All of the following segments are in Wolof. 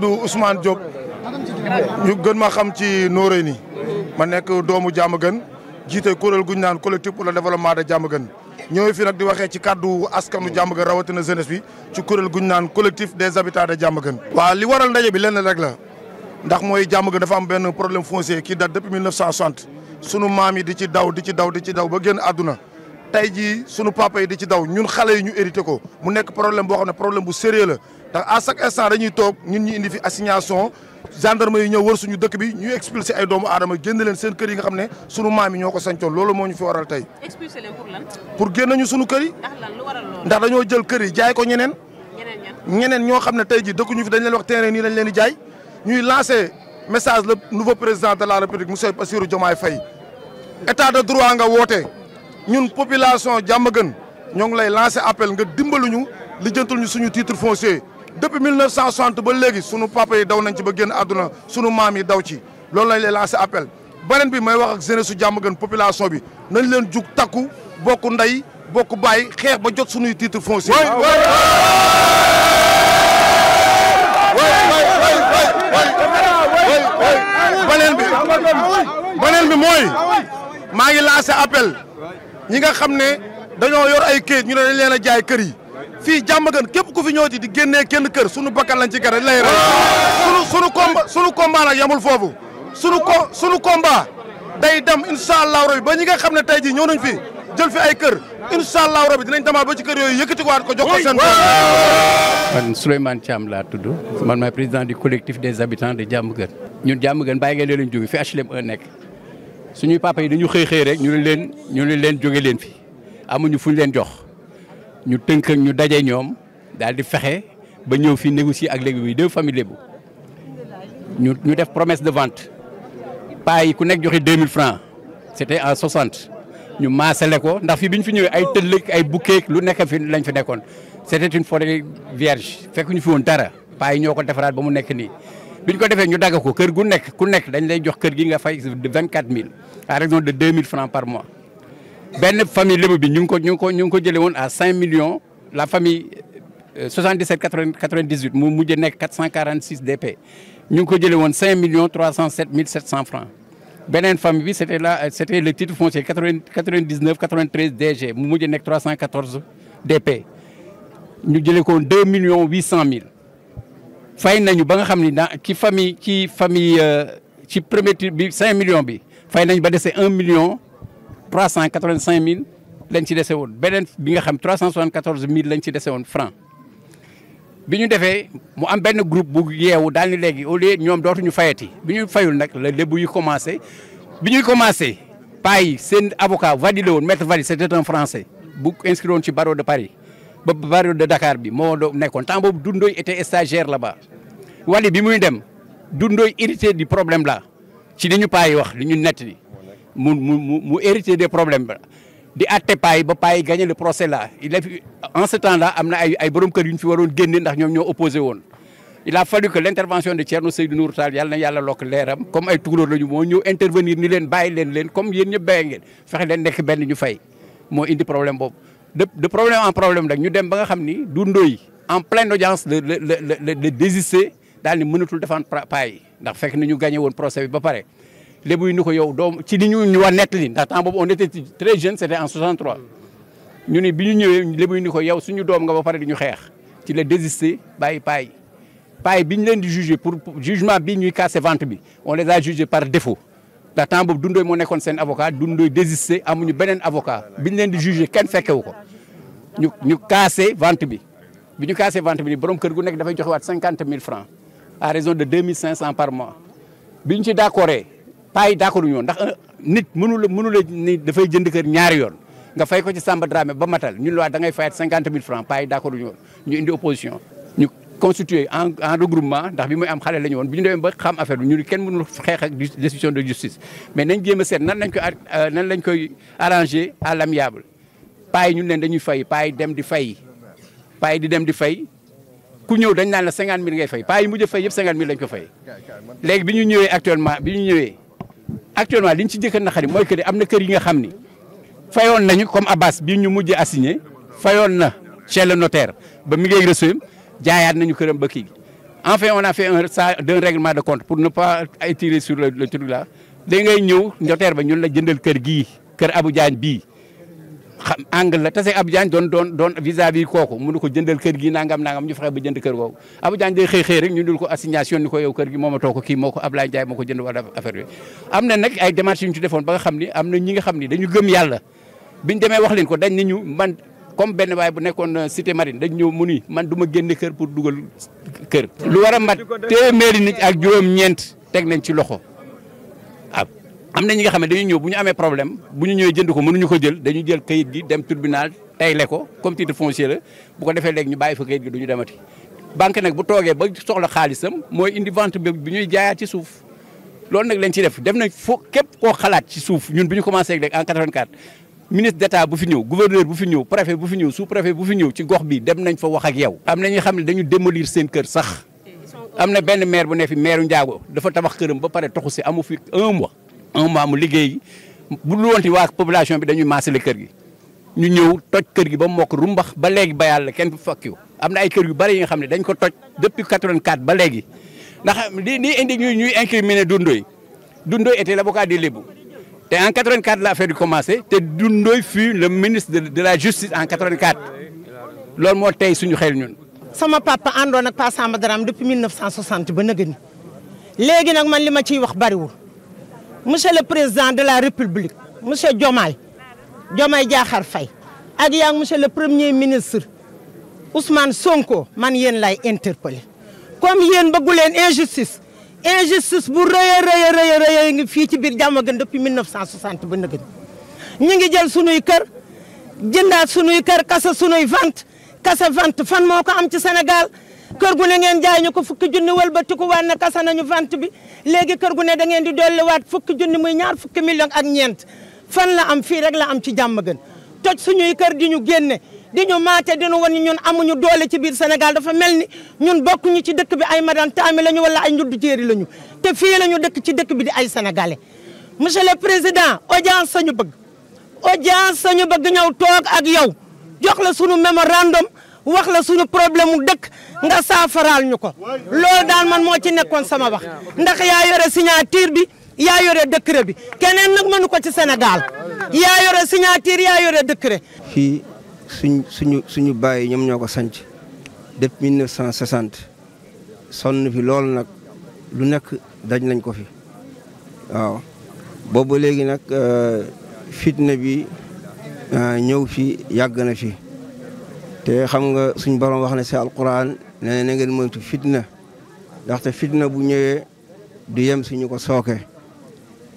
tudd Ousmane Diop ñu gën ma xam ci nóoré ni ma nekk doomu Diamaguène jiite kuréel gu ñu naan collectif pour le développement de Diamaguène ñëwee fi nag di waxee ci kàddu askanu Diamaguène rawatina jeunesse bi ci kuréel gu ñu naan collectif des habitants de Diamaguène. waaw li waral ndaje bi lenn rek la ndax mooy Diamaguène dafa am benn problème foncier qui date depuis 1960 sunu maam yi di ci daw di ci daw di ci daw ba génn àdduna tey jii sunu papa di ci daw ñun xale yi ñu hérité ko mu nekk problème boo xam ne problème bu sérieux la ndax à chaque instant dañuy toog ñun ñu indi fi assignation gendarme yi ñëw wër suñu dëkk bi ñu expulsé ay doomu aadama génn leen seen kër yi nga xam ne sunu maam yi ñoo ko sancoon loolu moo ñu fi waral tey. expulsé pour lan. génn ñu sunu kër yi. ndax dañoo jël kër yi jaay ko ñeneen. ñeneen ñoo xam ne tey jii dëkkuñu fi dañ leen wax terrain nii dañ leen di jaay ñuy lancé message le nouveau président de la république monsieur Bassirou Diomaye Faye état de droit nga woote ñun population Diamaguène ñoo ngi lay lancer appel nga dimbaluñu lijjantul ñu suñu titre foncier depuis 1960 ba léegi suñu papa yi daw nañ ci ba génn àdduna suñu maam yi daw ci loolu lañ lay lancer appel. beneen bi may wax ak jeunesse su Diamaguène population bi nañ leen jug takku bokk nday bokk bàyyi xeex ba jot suñuy titre foncier. beneen bi beneen bi mooy maa ngi lancer appel ñi nga xam ne dañoo yor ay kayit ñu ne dañ leen a jaay kër yi fii jàmm gën képp ku fi ñëwati di génnee kenn kër sunu bakkan lañ ci gare lay rey sunu sunu combat sunu combat foofu sunu ko sunu combat day dem incha rabi ba ñi nga xam ne tey jii ñëw nañ fi jël fi ay kër incha allahu rabi dinañ demaat ba ci kër yooyu yëkkati ko waat ko jox ko seen man Souleymane Thiam laa tudd man maay président du collectif de habitants de Diamaguène ñun Diamaguène bàyyi ngeen leen jóge fi HLM 1 nekk suñuy papa yi dañu xëy xëy rek ñu leen ñu leen jóge leen fi amuñu fuñ leen jox ñu tënk ñu daje ñoom daal di fexe ba ñëw fi négocier ak léegi bi deux familles bu ñu ñu def promesse de vente paa yi ku nekk joxe 2000 francs c'était en 60 ñu maasale ko ndax fii bi ñu fi ñëwee ay tëllëg ay bukkeek lu nekk fi lañ fi nekkoon c'était une forêt vierge fekk ñu fi woon dara paa ñoo ko defaraat ba mu nekk nii. duñ ko defee ñu dagg ko kër gu nekk ku nekk dañ lay jox kër gi nga fay vingt quatre mille à raison de mille francs par mois. benn famille lébu bi ñu ngi ko ñu ngi ko ñu ngi ko jëlee woon à cinq millions la famille 77 euh, 98 mu mujj nekk 446 DP ko jëlee woon cinq millions trois cent sept mille sept cent francs. beneen famille bi c' était là c' était le titre foncier 80 99 mu mujj ko woon million millions huit mille. fay nañu ba nga xam ni dans ci famille ci famille euh, ci premier bi 5 million bi fay nañ ba dese un million cent 385 mille lañ ci dese woon beneen bi nga xam cent 374 mille lañ ci dese woon franc bi ñu defee mu am benn groupe bu yeewu daal ni léegi au lieu ñoom dootuñu ti bi ñu fayul nag la lébu yu commencé bi ñuy commencé paa yi seen avocat validé woon maître valide c'était un français bu inscrit woon ci barreau de Paris ba période de dakaar bi moo doon nekkoon temps boobu Doudou Ndoye était stagiaire là-bas Wally bi muy dem Doudou Ndoye hérité du problème la ci li ñu paa yi wax li ñu nett li mu mu mu mu hérité des problèmes là di àtte paa ba paa yi gagné le procès là il a en ce temps là am na ay ay borom yu ñu fi waroon génne ndax ñoom ñoo opposé woon. il a fallu que l' intervention de Thierno Seydou Nourou Tall yàlla na yàlla lokk leeram comme ay tukulóor la ñu moo ñëw intervenir ni leen bàyyi leen leen comme yéen ñëpp bàyyi ngeen fexe leen nekk benn ñu fay moo indi boobu. de de problème en problème rek ñu dem ba nga xam ni du en pleine audience le le le le désister daal ni mënatul défendre paa ndax fekk na ñu gagné woon procès bi ba pare. lébu yi ni ko yow doom ci li ñu ñu war nettali ndax temps boobu on était très jeune c' était en 63 ñu ni bi ñu ñëwee lébu yi ni ko yow suñu doom nga ba pare di ñu xeex ci la désister bàyyi paa yi paa bi ñu leen di jugé pour jugement bi ñu casser vente bi on les a jugés par défaut. ndax temps boobu moo nekkoon seen avocat Doudou Ndoye amuñu beneen avocat biñ leen di jugé kenn fekkewu ko ñu ñu cassé vente bi bi ñu cassé vente bi borom kër gu nekk dafay joxe waat cinquante mille francs à raison de deux mille cinq cent par mois bi ñu ci d' accordé pas yi d' accord ñu euh, nit mënu la mënu dafay jënd kër ñaari yoon nga fay ko ci Samba Dramé ba matal ñun la da ngay fayaat cinquante mille francs pas yi d' accord ñu woon ñu indi opposition. ñu constitué en regroupement ndax bi mu am xale la woon bi ñu demee ba xam affaire bi ñu ni kenn mënul xeex ak décision de justice a seet nan lañ koy euh, nan lañ koy arrangé à paa ñu ñun dañuy fay paa dem di fay paa yi di dem di fay ku ñëw dañ naan la cinquante mille ngay fay paa yi mujj fay yëpp cinquante mille lañ ko fay. léegi bi ñu ñëwee actuellement bi ñu ñëwee actuellement li ñu ci jëkk a mooy que am na kër yi nga xam ni fayoon nañu comme Abbas bi ñu mujj assigné fayoon na chez le notaire ba mi ngi reçu jaayaat nañu këram ba kii enfin on a fait un ça d'un règlement de compte pour ne pas étirer sur le le ñëw notaire ba ñun la jëndal kër gi kër Abou bi xam angle la tase Abou Diagne doon doon doon vis-à-vis kooku mënu ko jëndal kër gi nangam nangam ñu fexe ba jënd kër googu Abou Diagne day xëy xëy rek ñu dul ko assignation ni ko yow kër gi moomatoo ko kii moo ko Ablaye Ndiaye moo ko jënd wala affaire bi am na nag ay démarches ñu ci ba nga xam ni am na ñi nga xam ni dañu gëm yàlla biñ demee wax leen ko dañ ni ñu man comme benn waay bu nekkoon cité marine dañ ñëw mu ni man du ma génn kër pour dugal kër lu war a mat téeméeri nit ak juróom ñeent teg nañ ci loxo am na ñi nga xam ne dañu ñëw bu ñu amee problème bu ñu ñëwee jënd ko mënuñu ko jël dañu jël kayit gi dem tribunal tayle ko comme titre foncier la bu ko defee léegi ñu bàyyi fa kayit gi duñu demati banque nag bu toogee ba soxla xaalisam mooy indi vente bi ñuy jaayaat ci suuf loolu nag lañ ci def def nañ foo képp koo xalaat ci suuf ñun bu ñu commencé ak léegi en 84 ministre d'état bu fi ñëw gouverneur bu fi ñëw préfet bu fi ñëw sous préfet bu fi ñëw ci gox bi dem nañ fa wax ak yow am na ñi xam ne dañu démolir seen kër sax am na benn maire bu ne fi maire Ndiago dafa tabax këram ba pare toxu si amu fi un un mois mu liggéey bu dul woon ci waa population bi dañuy maasale kër gi ñu ñëw toj kër gi ba mokk rumbax ba léegi ba yàlla kenn du fokkiw am na ay kër yu bari yi nga xam ne dañ ko toj depuis 84 ba léegi ndax li li indi ñuy ñuy incriminer Doundoye Doundoye était l'avocat du Lébou te en 84 la affaire bi commencé te Doundoye fut le ministre de la justice en 84 loolu moo tey suñu xel ñun. sama papa àndoon ak Pa Samba Dramé depuis 1960 ba nëgëni léegi nag man li ma ciy wax bariwul. monsieur le président de la république monsieur Diomaye Diomaye Diakhar fay ak yaa monsieur le premier ministre Ousmane Sonko man yéen lay interpeller comme yéen ba leen injustice injustice bu rëy a rëy a rëy ngi fii ci biir Diamaguène depuis 1960 ba nëgën ñu ngi jël sunuy kër jëndaat sunuy kër kasa sunuy vant kasa vente fan moo ko am ci senegal kër gu ne ngeen jaay ñu ko fukki junni wëlbatiku waan na kasa nañu vente bi léegi kër gu ne da ngeen di dolliwaat fukki junni muy ñaar fukki million ak ñeent fan la am fii rek la am ci jàmm gën toj suñuy kër di ñu génne di ñu maate di ñu wan ñun amuñu doole ci biir Sénégal dafa mel ni ñun bokkuñu ci dëkk bi ay madame taami ñu wala ay njuddu jéeri lañu te fii ñu dëkk ci dëkk bi di ay sénégalais monsieur le président audience sañu bëgg audience sañu bëgg ñëw toog ak yow jox la sunu mémorandum wax la suñu problème mu dëkk nga saafaraal ñu ko loolu daal man moo ci nekkoon sama wax ndax yaa yore signature bi yaa yore décret bi keneen nag mënu ko ci senegal yaa yore signature yaa yore décret. fii suñ suñu suñu bàyyi ñoom ñoo ko sanc depuis 1960 sonn fi loolu nag lu nekk daj nañ ko fi waaw boobu léegi nag euh, fitna bi euh, ñëw fi yàgg na fi. te xam nga suñ borom wax na si alquran nee na ngeen moytu fitna ndaxte fitna bu ñëwee du yem si ñu ko sooke.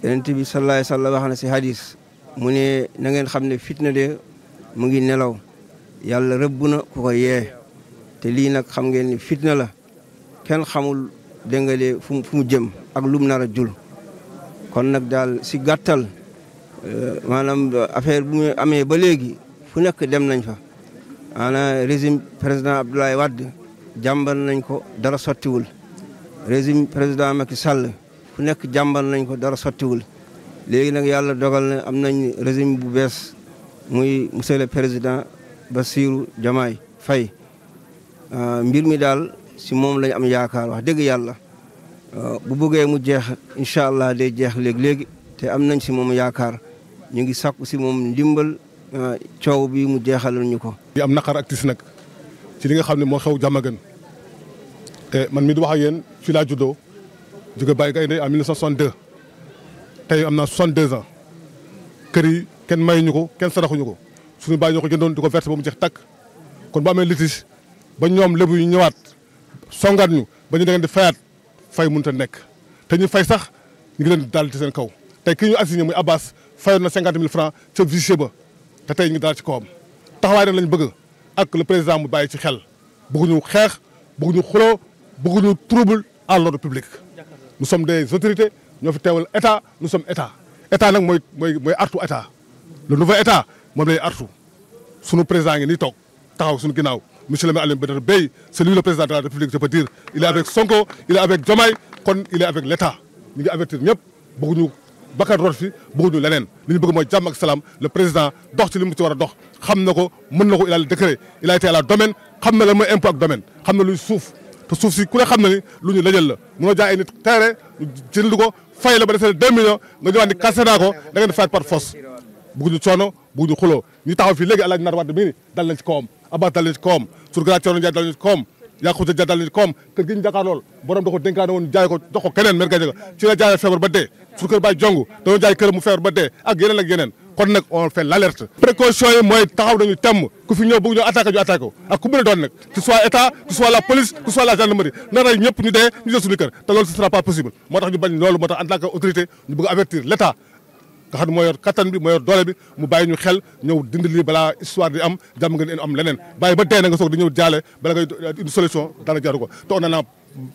yonent bi sallallahu alayhi wa wax na si hadis mu ne nangeen xam ne fitna de mu ngi nelaw yàlla rëbb na ku ko yee te lii nag xam ngeen ni fitna la kenn xamul dégg nga de fu mu jëm ak lum nar a jul kon nag daal si gàttal euh, maanaam affaire bu mu amee ba léegi fu nekk dem nañ fa. ana régime président Abdoulaye Wade jàmbal nañ ko dara sottiwul régime président Macky Sall fu nekk jàmbal nañ ko dara sottiwul léegi nag yàlla dogal na am nañ régime bu bees muy monsieur le président Bassirou Diomaye Faye euh, mbir mi daal si moom lañ am yaakaar wax dëgg yàlla euh, bu bëggee mu jeex incha allah de jeex léegi léegi te am nañ si moom yaakaar ñu ngi sàkku si moom ndimbal Euh, coow bi mu jeexalal ñu ko. di am naqar ak nag ci li nga xam ne moo xew Diamaguène te man mi di wax ak yéen fii laa juddoo jóge Baye Gaynde en 1962 tey am naa 62 ans kër yi kenn mayuñu ko kenn saraxuñu ko suñu bàyyi ñoo ko jëndoon di ko verser ba mu jeex takk kon bu amee litige ba ñoom lébu yu ñëwaat songaat ñu ba ñu da ngeen fayaat fay mënut te nekk te ñu fay sax ñu ngi leen di daal ci seen kaw te ki ñu assigné muy Abbas fayoon na 50 000 francs ca ba. te tey ñu ngi daal ci kawam taxawaay nag lañ bëgg ak la président mu bàyyi ci xel bëgguñu xeex bëgguñu xuloo bëgguñu trouble à l'ordre public. nous sommes des autorités ñoo fi teewal état nous sommes état état nag mooy mooy mooy artu état le nouveau état moom lay artu sunu président ngi nii toog taxaw sunu ginnaaw monsieur le maire Alioune Badara Bèye c'est lui le président de la république je peux dire il est avec Sonko il est avec Diomaye kon il avec l'état ñu ngi avertir ñëpp bëgguñu bakkan root fi bëgguñu leneen li ñu bëgg mooy jàmm salaam le président dox ci li mu ci war a dox xam na ko mën na ko il a le décret il a été à la domaine xam na lan mooy impôt ak domaine xam na luy suuf te suuf si ku ne na ni lu ñu lëjal la mënoo jaay ay nit terre jënd ko fay la ba defee deux millions nga ñëwaat ni cassé naa ko da ngeen di fay par force bëgguñu coono bëgguñu xuloo ñu taxaw fii léegi àlaaji naar waat mi ngi dal nañ ci kawam abbas dal nañ ci kawam surgara coono jaay ko dénkaane woon jaay ko jox ko keneen mer gaje dee suñu baay jong dañoo jaay kër mu feebar ba dee ak yeneen ak yeneen kon nag on fait l' précaution yi mooy taxaw nañu temm ku fi ñëw bëgg ñoo attaqué ñu attaqué ak ku mën a doon nag que soit état que soit la police que soit la gendarmerie na rey ñu dee ñu dee kër te loolu ce sera pas possible moo tax ñu bañ loolu moo tax en autorité ñu bëgg avertir l' état nga xam ne moo yor kattan bi moo yor doole bi mu bàyyi ñu xel ñëw dindi lii balaa histoire di am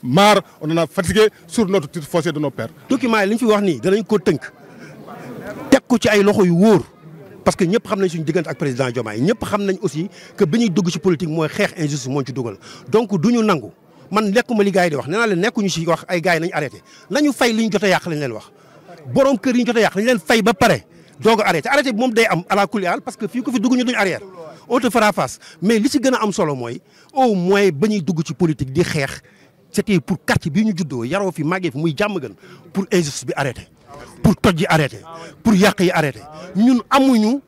marre on en a fatigué sur notre titre foncier de nos pères. document li ñu fi wax nii danañ ko tënk teg ko ci ay loxo yu wóor parce que ñëpp xam nañ suñ diggante ak président Diomaye ñëpp xam nañ aussi que bi ñuy dugg ci politique mooy xeex injustice moo ci dugal donc du ñu nangu. man nekkuma li gars yi di wax nee naa leen nekkuñu ci wax ay gars yi nañu arrêté nañu fay li ñu jot a yàq lañ leen wax borom kër yi ñu jot yàq lañ leen fay ba pare doog a arrêté arrêté bi am à la kulli parce que fi dugg ñu duñ arrière on te fera face mais li gën a solo mooy au ba ñuy dugg ci politique di xeex c'était pour quartier bii ñu juddoo yaroo fi màggee fi muy jàmm gën pour injustice bi arrêté pour toj yi arrêté pour yi arrêté ñun amuñu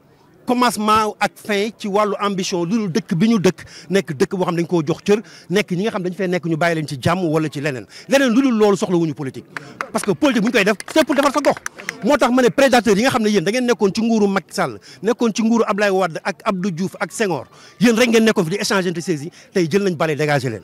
commencement ak fin ci wàllu ambition loolu dëkk bi ñu dëkk nekk dëkk boo xam dañ koo jox cër nekk ñi nga xam dañ fee ñu bàyyi leen ci jàmm wala ci leneen leneen lu dul loolu soxla wuñu politique parce que politique bu ñu koy def c'est pour defar sa moo tax ma ne prédateurs yi nga xam ne yéen da ngeen nekkoon ci nguuru Macky Sall nekkoon ci nguuru Abdoulaye Wade ak Abdou Diouf ak Senghor yéen rek nañ bale dégagé leen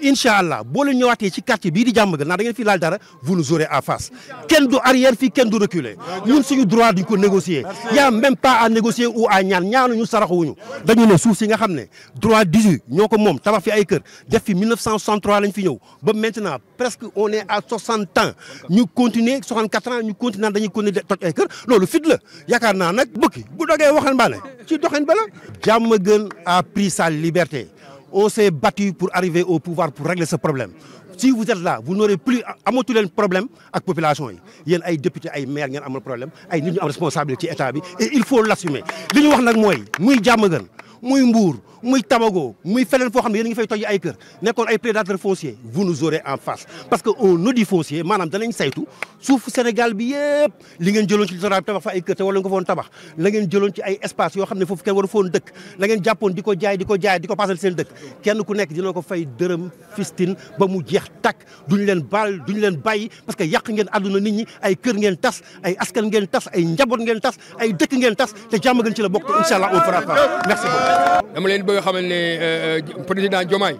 incha allah boole leen ñëwaatee ci quartier bii di jàmm gën naa da fi laal dara vous nous aurez en face kenn du arrière fii kenn du reculer ñun suñu droit duñ ko négocier y a même pas à négocier ou à ñaan ñaanuñu saraxuwuñu dañu ne suuf si nga xam ne droit 18 ñoo ko moom tabax fi ay kër def fi 1963 lañ fi ñëw ba maintenant presque on est à 60 ans ñu continuer 64 ans ñu continuer dañuy continuer toj ay kër loolu fit la yaakaar naa nag bëkki bu dogee waxal mbaane ci doxin ba la jàmm gën a pris sa liberté on s'est battu pour arriver au pouvoir pour régler ce problème si vous êtes là vous n'aurez plus amatu problème ak population yi yéen ay député ay maire ngeen amal problème ay nit ñu am responsabilité ci état bi et il faut l'assumer li ñu wax nag mooy muy jàmm gën muy Mbour muy Tabago muy feneen foo xam ne yéen ngi fay toj ay kër nekkoon ay prédateurs fonciers vous nous aurez en face parce que un audit foncier maanaam danañ saytu suufu Sénégal bi yëpp li ngeen jëloon ci littoral bi tabax fa ay kër te wala nga ko tabax la ngeen jëloon ci ay espace yoo xam ne foofu kenn waru foon dëkk la ngeen jàppoon di ko jaay di ko jaay di ko seen dëkk kenn ku nekk dina ko fay dërëm fistin ba mu jeex tàkk duñu leen baal duñu leen bàyyi parce que yàq ngeen àdduna nit ñi ay kër ngeen tas askan ngeen tas ay njaboot ngeen tas ay dëkk ngeen tas te jàmm gën ci la bokk te incha allah dama leen bëgg a xamal ne euh, euh, président Diomaye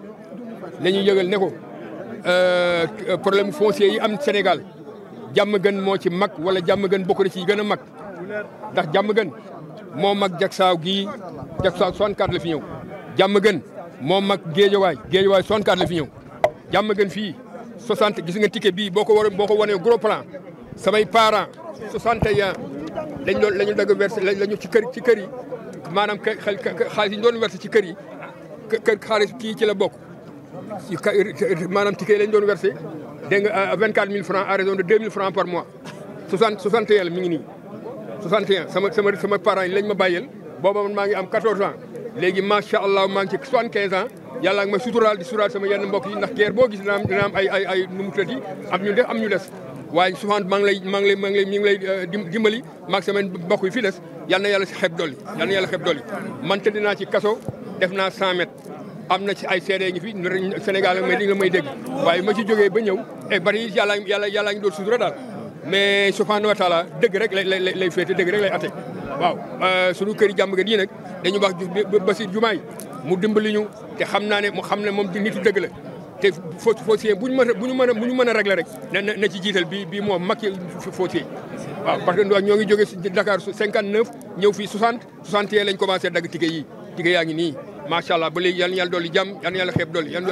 la ñuy yëgal ne ko euh, problème foncier yi am senegal jàmm gën moo ci mag wala jàmm gën bokk na ci gën a mag ndax jàmm gën moo mag jagsaaw gii jagsaaw 64 la fi ñëw jàmm gën moo mag géejawaay géejawaay 64 la fi ñëw jàmm gën fii 60 gis nga ticket bii boo ko war boo ko wanee gros plan samay parents 61 lañ doon la ñu dagg versé la ci kër ci kër yi maanaam kë xaalis yi ñu doon versé ci kër yi kër kii ci la bokk maanaam ticket lañ doon versé dégg nga vingt quatre mille francs à raison de deux mille francs par mois soixante soixante un mi ngi nii soixante et un sama sama sama parents yi ma bàyyeel booba maa ngi am quatorze ans léegi macha allah maa ngi ci yàlla ak ma suturaal di suturaal sama yenn mbokk yi ndax guerre boo gis dina am am ay ay ay nu mu am ñu def am ñu des waaye souvent maa ngi lay maa ngi lay maa ngi lay mi ngi lay euh, dimbali maag semaine mbokk yi fi des yal na yàlla si xeb dolli yal na yàlla xeb dolli man tëdd naa ci kaso def na 100 mètres am na ci ay seede ñu fi Sénégal mais li nga may dégg waaye ma ci jógee ba ñëw e bari yàlla yàlla yàlla ngi doon sutura daal mais subhanahu wa taala dëgg rek lay lay lay féete dëgg rek lay atte waaw euh, sunu kër jàmm ga yi nag dañu wax ba si jumaay mu dimbali ñu te xam naa ne mu xam ne moom nitu dëgg la te foncier bu ñu mën a bu ñu a bu ñu mën na na bi bi moom Macky foncier waaw parce que ñoo ngi jógee Dakar 59 ñëw fii 60 60 yee lañ commencé dagg tike yi tike yaa ngi nii macha allah ba léegi yal na yàlla dolli jàmm yal na yàlla xeeb dolli yal